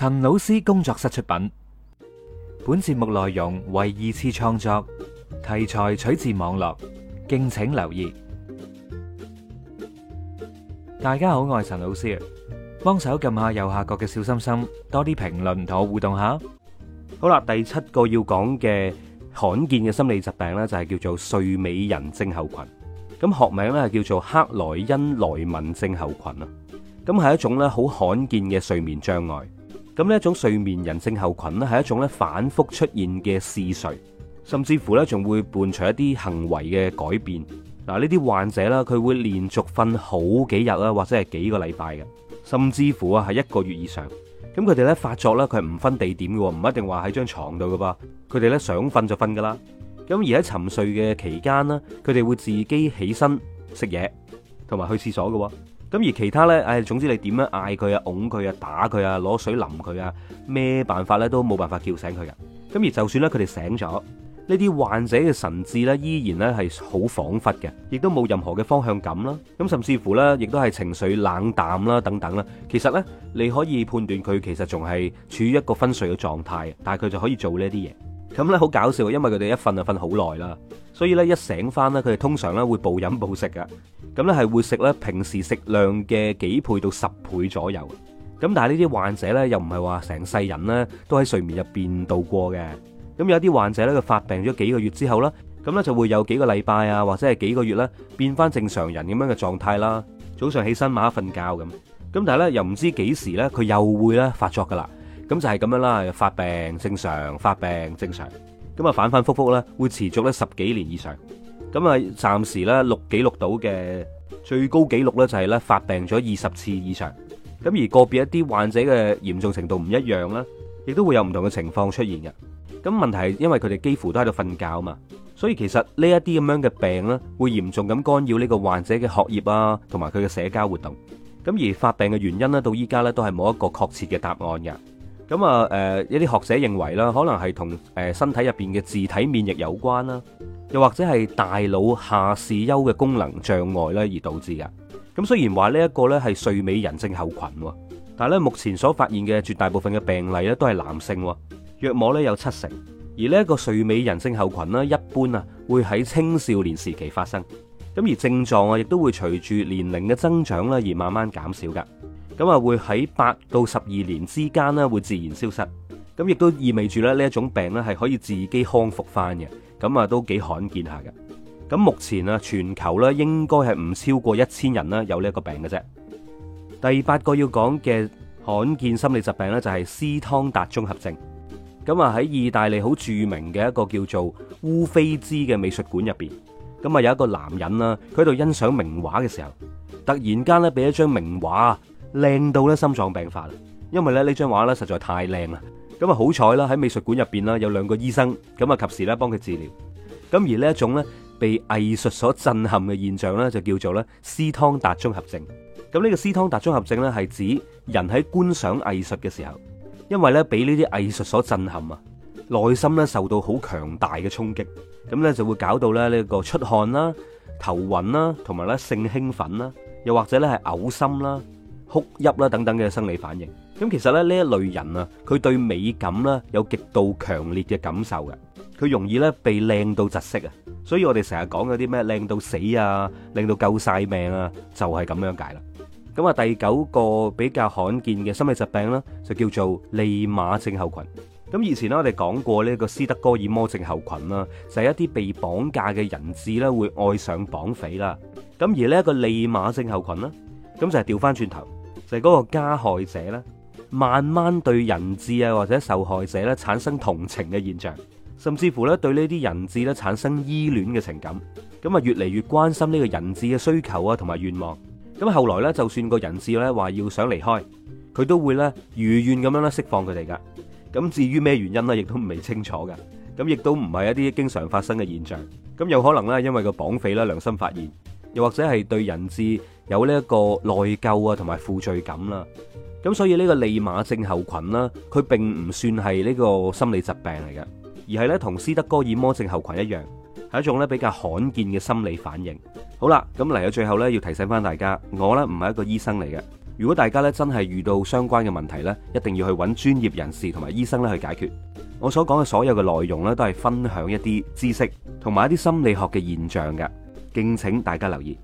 陳老師工作室出品。本節目內容為二次創作，題材取自網絡，敬請留意。大家好，我係陳老師啊，幫手撳下右下角嘅小心心，多啲評論同我互動下。好啦，第七個要講嘅罕見嘅心理疾病呢，就係叫做睡美人症候群。咁學名呢，叫做克萊恩萊敏症候群啦。咁係一種呢，好罕見嘅睡眠障礙。咁呢一種睡美人症候群呢，係一種咧，反覆出現嘅嗜睡，甚至乎呢仲會伴隨一啲行為嘅改變。嗱，呢啲患者呢，佢會連續瞓好幾日啦，或者係幾個禮拜嘅，甚至乎啊係一個月以上。咁佢哋呢發作呢，佢係唔分地點嘅，唔一定話喺張床度嘅噃。佢哋呢，想瞓就瞓噶啦。咁而喺沉睡嘅期間呢，佢哋會自己起身食嘢同埋去廁所嘅。咁而其他呢，唉，總之你點樣嗌佢啊、㧬佢啊、打佢啊、攞水淋佢啊，咩辦法呢都冇辦法叫醒佢嘅。咁而就算呢，佢哋醒咗，呢啲患者嘅神志呢依然呢係好恍惚嘅，亦都冇任何嘅方向感啦。咁甚至乎呢，亦都係情緒冷淡啦，等等啦。其實呢，你可以判斷佢其實仲係處於一個昏睡嘅狀態，但係佢就可以做呢啲嘢。咁咧好搞笑，因為佢哋一瞓就瞓好耐啦，所以咧一醒翻咧，佢哋通常咧會暴飲暴食噶，咁咧係會食咧平時食量嘅幾倍到十倍左右。咁但係呢啲患者咧又唔係話成世人咧都喺睡眠入邊度過嘅，咁有啲患者咧佢發病咗幾個月之後啦，咁咧就會有幾個禮拜啊或者係幾個月咧變翻正常人咁樣嘅狀態啦，早上起身晚黑瞓覺咁，咁但係咧又唔知幾時咧佢又會咧發作噶啦。咁就係咁樣啦，發病正常，發病正常，咁啊反反复覆咧，會持續咧十幾年以上。咁啊，暫時咧錄記錄到嘅最高紀錄咧就係咧發病咗二十次以上。咁而個別一啲患者嘅嚴重程度唔一樣啦，亦都會有唔同嘅情況出現嘅。咁問題係因為佢哋幾乎都喺度瞓覺啊嘛，所以其實呢一啲咁樣嘅病咧，會嚴重咁干擾呢個患者嘅學業啊，同埋佢嘅社交活動。咁而發病嘅原因呢，到依家呢，都係冇一個確切嘅答案嘅。咁啊，誒、呃、一啲學者認為啦，可能係同誒身體入邊嘅自體免疫有關啦，又或者係大腦下視丘嘅功能障礙咧而導致嘅。咁雖然話呢一個呢係睡美人症候群，但係咧目前所發現嘅絕大部分嘅病例咧都係男性喎，約莫咧有七成。而呢一個睡美人症候群呢，一般啊會喺青少年時期發生，咁而症狀啊亦都會隨住年齡嘅增長咧而慢慢減少噶。咁啊，會喺八到十二年之間咧，會自然消失。咁亦都意味住咧，呢一種病咧係可以自己康復翻嘅。咁啊，都幾罕見下嘅。咁目前啊，全球咧應該係唔超過一千人啦，有呢一個病嘅啫。第八個要講嘅罕見心理疾病呢，就係司湯達綜合症。咁啊，喺意大利好著名嘅一個叫做烏菲茲嘅美術館入邊，咁啊有一個男人啦，佢喺度欣賞名畫嘅時候，突然間咧俾一張名畫。靚到咧，心臟病發啦！因為咧呢張畫咧實在太靚啦，咁啊好彩啦，喺美術館入邊啦有兩個醫生，咁啊及時咧幫佢治療。咁而呢一種咧被藝術所震撼嘅現象咧就叫做咧司湯達綜合症。咁、這、呢個司湯達綜合症咧係指人喺觀賞藝術嘅時候，因為咧俾呢啲藝術所震撼啊，內心咧受到好強大嘅衝擊，咁咧就會搞到咧呢個出汗啦、頭暈啦，同埋咧性興奮啦，又或者咧係嘔心啦。哭泣啦，等等嘅生理反應。咁其實咧，呢一類人啊，佢對美感咧有極度強烈嘅感受嘅，佢容易咧被靚到窒息啊！所以我哋成日講嗰啲咩靚到死啊，靚到夠晒命啊，就係咁樣解啦。咁啊，第九個比較罕見嘅心理疾病咧，就叫做利馬症候群。咁以前咧，我哋講過呢個斯德哥爾摩症候群啦，就係一啲被綁架嘅人質咧會愛上綁匪啦。咁而呢一個利馬症候群咧，咁就係掉翻轉頭。就係嗰個加害者咧，慢慢對人質啊或者受害者咧產生同情嘅現象，甚至乎咧對呢啲人質咧產生依戀嘅情感，咁啊越嚟越關心呢個人質嘅需求啊同埋願望。咁後來咧，就算個人質咧話要想離開，佢都會咧如願咁樣咧釋放佢哋噶。咁至於咩原因咧，亦都唔未清楚噶。咁亦都唔係一啲經常發生嘅現象。咁有可能咧，因為個綁匪咧良心發現，又或者係對人質。有呢一個內疚啊，同埋負罪感啦，咁所以呢個利馬症候群啦，佢並唔算係呢個心理疾病嚟嘅，而係呢同斯德哥爾摩症候群一樣，係一種呢比較罕見嘅心理反應。好啦，咁嚟到最後呢，要提醒翻大家，我呢唔係一個醫生嚟嘅，如果大家呢真係遇到相關嘅問題呢，一定要去揾專業人士同埋醫生咧去解決。我所講嘅所有嘅內容呢，都係分享一啲知識同埋一啲心理學嘅現象嘅，敬請大家留意。